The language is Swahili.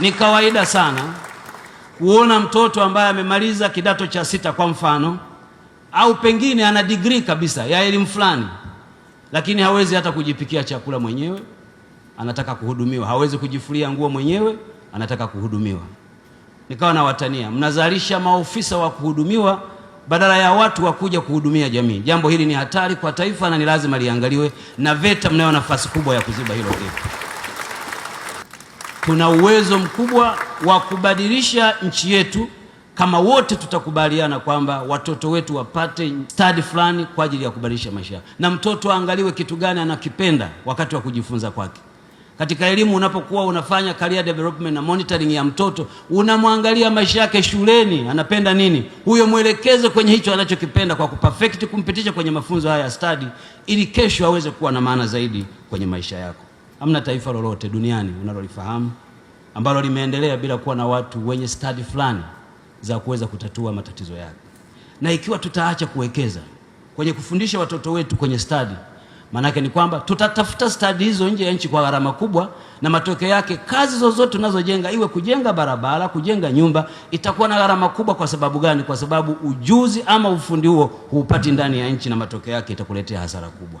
Ni kawaida sana kuona mtoto ambaye amemaliza kidato cha sita kwa mfano, au pengine ana degree kabisa ya elimu fulani, lakini hawezi hata kujipikia chakula mwenyewe, anataka kuhudumiwa. Hawezi kujifulia nguo mwenyewe, anataka kuhudumiwa. Nikawa na watania, mnazalisha maofisa wa kuhudumiwa badala ya watu wa kuja kuhudumia jamii. Jambo hili ni hatari kwa taifa na ni lazima liangaliwe, na VETA mnayo nafasi kubwa ya kuziba hilo hilo. Tuna uwezo mkubwa wa kubadilisha nchi yetu kama wote tutakubaliana kwamba watoto wetu wapate stadi fulani kwa ajili ya kubadilisha maisha yao, na mtoto aangaliwe kitu gani anakipenda wakati wa kujifunza kwake. Katika elimu, unapokuwa unafanya career development na monitoring ya mtoto, unamwangalia maisha yake shuleni, anapenda nini, huyo mwelekeze kwenye hicho anachokipenda kwa kuperfect kumpitisha kwenye mafunzo haya ya stadi, ili kesho aweze kuwa na maana zaidi kwenye maisha yako. Hamna taifa lolote duniani unalolifahamu ambalo limeendelea bila kuwa na watu wenye stadi fulani za kuweza kutatua matatizo yake. Na ikiwa tutaacha kuwekeza kwenye kufundisha watoto wetu kwenye stadi, maanake ni kwamba tutatafuta stadi hizo nje ya nchi kwa gharama kubwa, na matokeo yake kazi zozote tunazojenga, iwe kujenga barabara, kujenga nyumba, itakuwa na gharama kubwa. Kwa sababu gani? Kwa sababu ujuzi ama ufundi huo huupati ndani ya nchi, na matokeo yake itakuletea hasara kubwa.